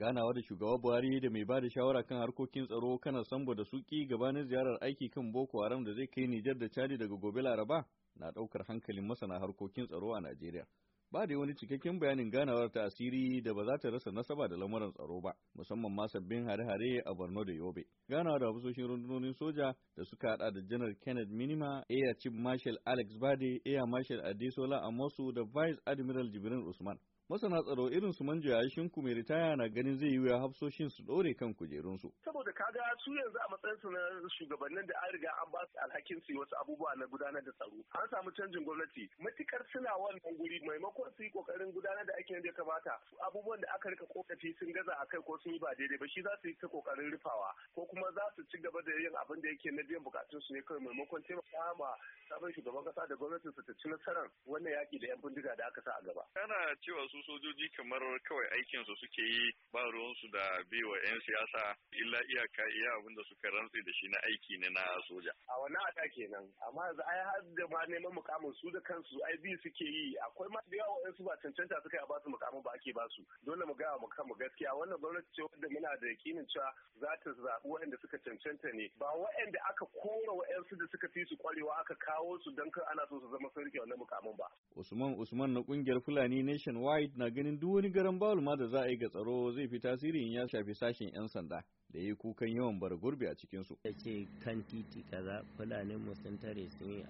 ganawa da shugaba buhari da mai ba da shawara kan harkokin tsaro kana sambo da suki gabanin ziyarar aiki kan boko haram da zai kai nijar da chadi daga gobe laraba na daukar hankalin masana harkokin tsaro a najeriya ba da wani cikakken bayanin ganawar ta asiri da ba za ta rasa nasaba da lamuran tsaro ba musamman ma sabbin hare-hare a borno da yobe ganawa da hafisoshin rundunonin soja da suka hada da general kenneth minima air chief marshal alex bade air marshal adesola amosu da vice admiral jibrin usman Masana tsaro irin su manja yashin ku mai ritaya na ganin zai yi wuya hafsoshin su dore kan kujerunsu. Saboda kaga su yanzu a matsayin su na shugabannin da an riga an ba su alhakin su wasu abubuwa na gudanar da tsaro. An samu canjin gwamnati matukar suna wannan guri maimakon su yi kokarin gudanar da aikin da ya kamata abubuwan da aka rika kokafi sun gaza a kai ko sun yi ba daidai ba shi za su yi ta kokarin rufawa ko kuma za su ci gaba da yin abin da yake na biyan bukatun su ne kawai maimakon taimaka ma sabon shugaban kasa da gwamnatin su ta ci nasarar wannan yaki da yan bindiga da aka sa a gaba. Kana cewa su sojoji kamar kawai aikinsu suke yi ba ruwansu da biwa 'yan siyasa illa iyaka iya abin da suka rantse da shi na aiki ne na soja. A wannan ata kenan amma yanzu ai har da ma neman mukamin su da kansu ai bi suke yi akwai ma da yawa su ba cancanta suka yi ba su mukamin ba ake ba su dole mu ga mu gaskiya wannan gwamnati ce wanda muna da yakinin cewa za ta zaɓi waɗanda suka cancanta ne ba waɗanda aka kora waɗansu da suka fi su kwarewa aka kawo su don kar ana so su zama sarki wannan mukamin ba. Usman Usman na kungiyar Fulani Nationwide na ganin duk wani garan ma da za a yi ga tsaro zai fi tasiri in ya shafi sashen 'yan sanda da ya yi kukan yawan bara gurbi a cikinsu. Ya ce kan titi kaza fulani mu sun tare sun yi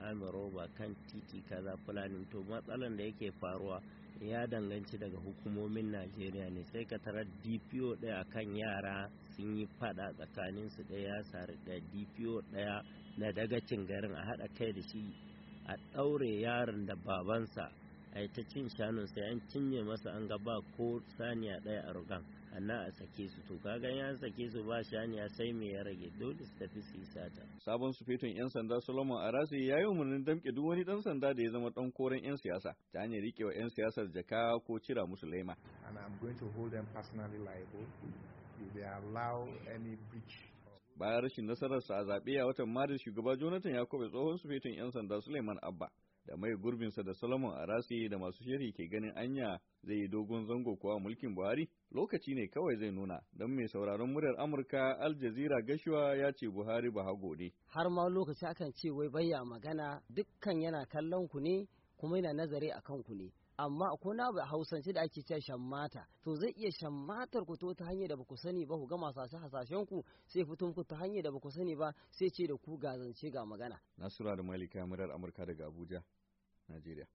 ba kan titi kaza fulani to matsalan da yake faruwa ya danganci daga hukumomin Najeriya ne sai ka tarar DPO ɗaya akan yara sun yi fada tsakanin su ɗaya sari da DPO ɗaya na dagacin garin a haɗa kai da shi a ɗaure yaron da babansa a ta cin shanun sai an cinye masa an ga ba ko saniya ɗaya a rugan anna a sake su to kaga ya sake su ba shaniya sai me ya rage dole su tafi su sata sabon su sufetin yan sanda solomon arasi ya yi umarnin damke duk wani dan sanda da ya zama dan koren yan siyasa ta hanyar wa yan siyasar jaka ko cira musu laima and i'm going to hold them personally liable if they allow any breach bayan rashin nasararsa a zaɓe a watan maris shugaba jonathan ya tsohon tsohon sufetin 'yan sanda suleiman abba da mai gurbinsa da Solomon rasi da masu shiri ke ganin anya zai yi dogon zango kuwa mulkin Buhari lokaci ne kawai zai nuna don mai sauraron muryar Amurka Al Jazeera Gashuwa ya ce Buhari ba hago ne. Har ma lokaci akan ce wai bayya magana dukkan yana kallon ku ne kuma yana nazari a ku ne. amma ko na ba hausance da ake cewa shammata to zai iya shammatar ku to ta hanyar da baku sani ba ku gama masu hasashen ku sai fitun ku ta hanyar da baku sani ba sai ce da ku gazance ga magana nasura da malika murar amurka daga abuja Nigeria